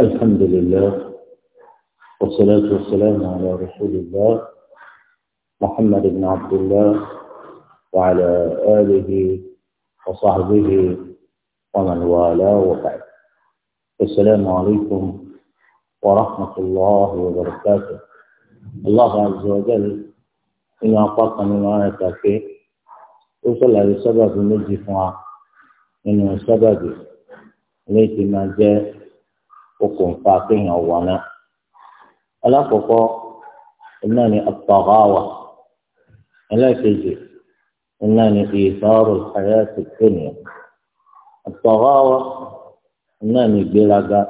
الحمد لله والصلاة والسلام على رسول الله محمد بن عبد الله وعلى آله وصحبه ومن والاه وبعد السلام عليكم ورحمة الله وبركاته الله عز وجل إن أعطاك من آياتك وصلى لسبب على سبب إنه سبب ليس ما جاء okùnfà kéèyàn wọná alákọ̀ọ́kọ́ iná ni at-taghawa ẹlẹ́ẹ̀kejì iná ni ìsọ̀rọ̀ ìfàyàtì kéèyàn at-taghawa iná ni ìgbéraga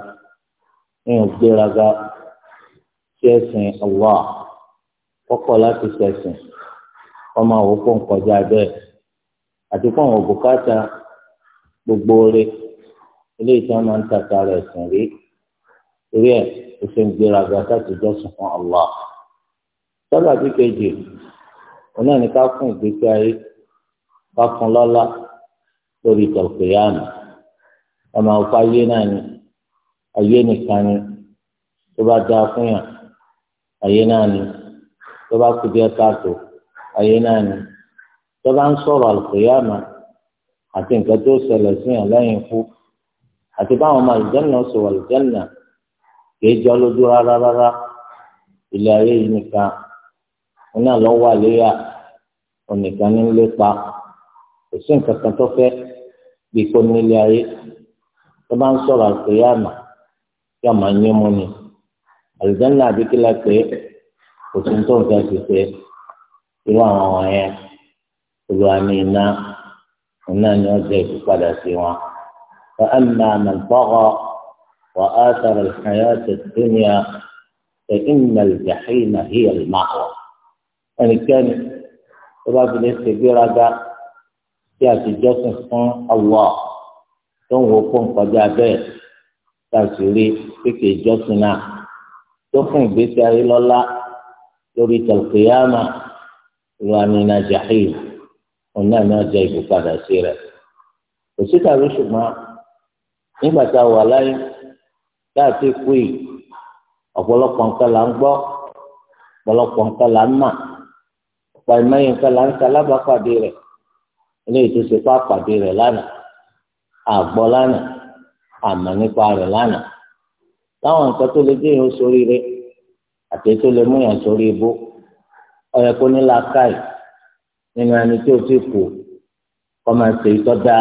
èèyàn gbéraga sí ẹ̀sìn Allah kọ́kọ́ láti sẹ̀sìn ọmọ àwòkọ́ nkọjá bẹ́ẹ̀ àti fún àwọn òbúkátà gbogbo rẹ̀ ilé ìtàn máa ń tàkàrà ẹ̀sìn rí torí ẹ̀ o ṣe ń gbéraga láti jọ́sìn fún Allah sábà bí kejì òun náà ní ká fún ìgbésí ayé ká fún lọ́lá lórí ìtọ̀kìyàmù ọmọ ọ̀pá ayé náà ni ayé nìkan ni tó bá dáa fún yàn ayé náà ni tó bá kú díẹ̀ káàtó ayé náà ni tó bá ń sọ̀rọ̀ àlùkìyàmù àti nǹkan tó ṣẹlẹ̀ sí yàn lẹ́yìn ikú àti báwọn ọmọ àlùjànnà sọ àlùjànnà kì í jọ lójú rárá rárá ilé ayé yìí nìkan wọn náà lọ wà léyà onìkan ní lépa kò sí nǹkan kan tó fẹ́ bí kò ní ilé ayé tó bá ń sọ̀rọ̀ àlùkìyàmà yóò máa ń yé mu ni àlùjáná àbíkílà pé kò sí tó nǹkan ti pé irú àwọn wọ̀nyẹn olùwà ní iná iná ni wọ́n jẹ́ ìfipadà sí wọn. وآثر الحياة الدنيا فإن الجحيم هي المأوى يعني كان رب الاستبير هذا يأتي جسم الله tó ń wo kó ń kọjá bẹ́ẹ̀ tá a sì rí kékeré ìjọsìn náà tó fún ìgbésí ayé lọ́lá lórí tàlùkìyàmà ìwànìyàn jahil òun náà náà jẹ́ ìbùkádà sí rẹ̀. òsì tàbí ṣùgbọ́n nígbà tá a wà láyé láti kú yìí ọ̀pọ̀lọpọ̀ nǹkan là ń gbọ́ ọ̀pọ̀lọpọ̀ nǹkan là ń mà ọ̀pọ̀ ìmọ̀yìn nǹkan là ń ta lábàápàdé rẹ̀ eléyìí tó ṣe pàpàdé rẹ̀ lánàá àgbọ́ lánàá àmọ́ nípa rẹ̀ lánàá táwọn nǹkan tó lè dé yẹn sórí rẹ̀ àti tó lè mú yẹn sórí ibú ọ̀yẹ̀ kó ní làákàyè nínú ẹni tí ó ti kú kọ́ máa ṣe ìtọ́jà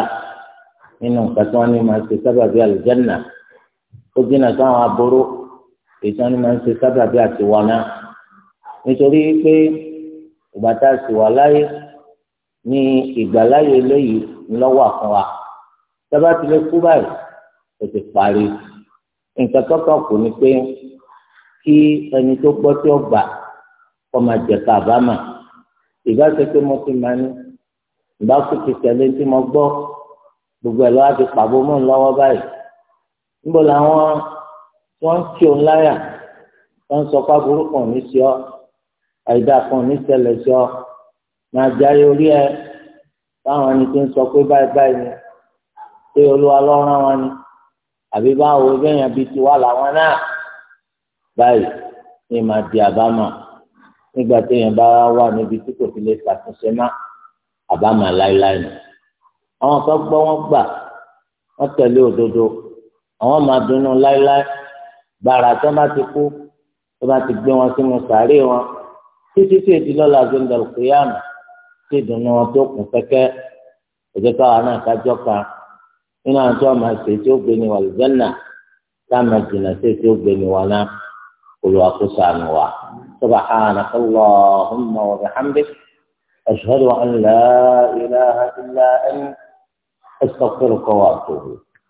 nínú nǹkan tí wọ́n ní máa ṣe sábàbí àlùjánnà ó dínà sáwọn aboró ìtàn ni máa ń ṣe sábàbí àti wà náà nítorí pé ìgbà tá a sì wà láyé ní ìgbàláyé eléyìí ńlọ́wọ́ àfọ̀n wa sábà ti lè kú báyìí ó ti parí nǹkan kọ́kọ́ kù ni pé kí ẹni tó gbọ́ tí ó gbà kọ́ máa jẹ kábàámà ìbá ṣe pé mo ti máa ní ìbá kú ti tẹ̀lé tí mo gbọ́ gbogbo ẹ̀ lọ́wọ́ ti pàbó mọ́ lọ́wọ́ báyìí níbo làwọn wọ́n ń kí òun láyà wọ́n ń sọ pé aburú kan ní sí ọ àìdá kan ní ṣẹlẹ̀ sí ọ máa jáde orí ẹ báwọn ẹni tí ń sọ pé báyìí báyìí ni pé olúwa lọ́rán wọn ni àbí báwo bẹ́yàn bíi tiwa làwọn náà báyìí ni màá di àbámọ̀ nígbà téèyàn bá wà níbi tí kò fi lè ṣàtúnṣe má àbámọ̀ láéláé ni àwọn kan gbọ́ wọ́n gbà wọ́n tẹ̀lé òdodo àwọn máa dunnú láéláé gbàrà tó bá ti kú tó bá ti gbé wọn sínú sàárè wọn títí tí èdè lọ́la zondal kuyama tí ìdùnnú wọn tó kún kẹ́kẹ́ ẹ̀jẹ̀ káwa náà kájọ́ ka nínú àwọn tó máa ṣe tí ó gbé ní wàlúùjẹ́nà tá a máa jìnnà sí tí ó gbé ní wọn náà olùwàkóso àmì wa subhanaka allahumma wa bihamdik ashhadu an la ilaha illa anta astaghfiruka wa atubu.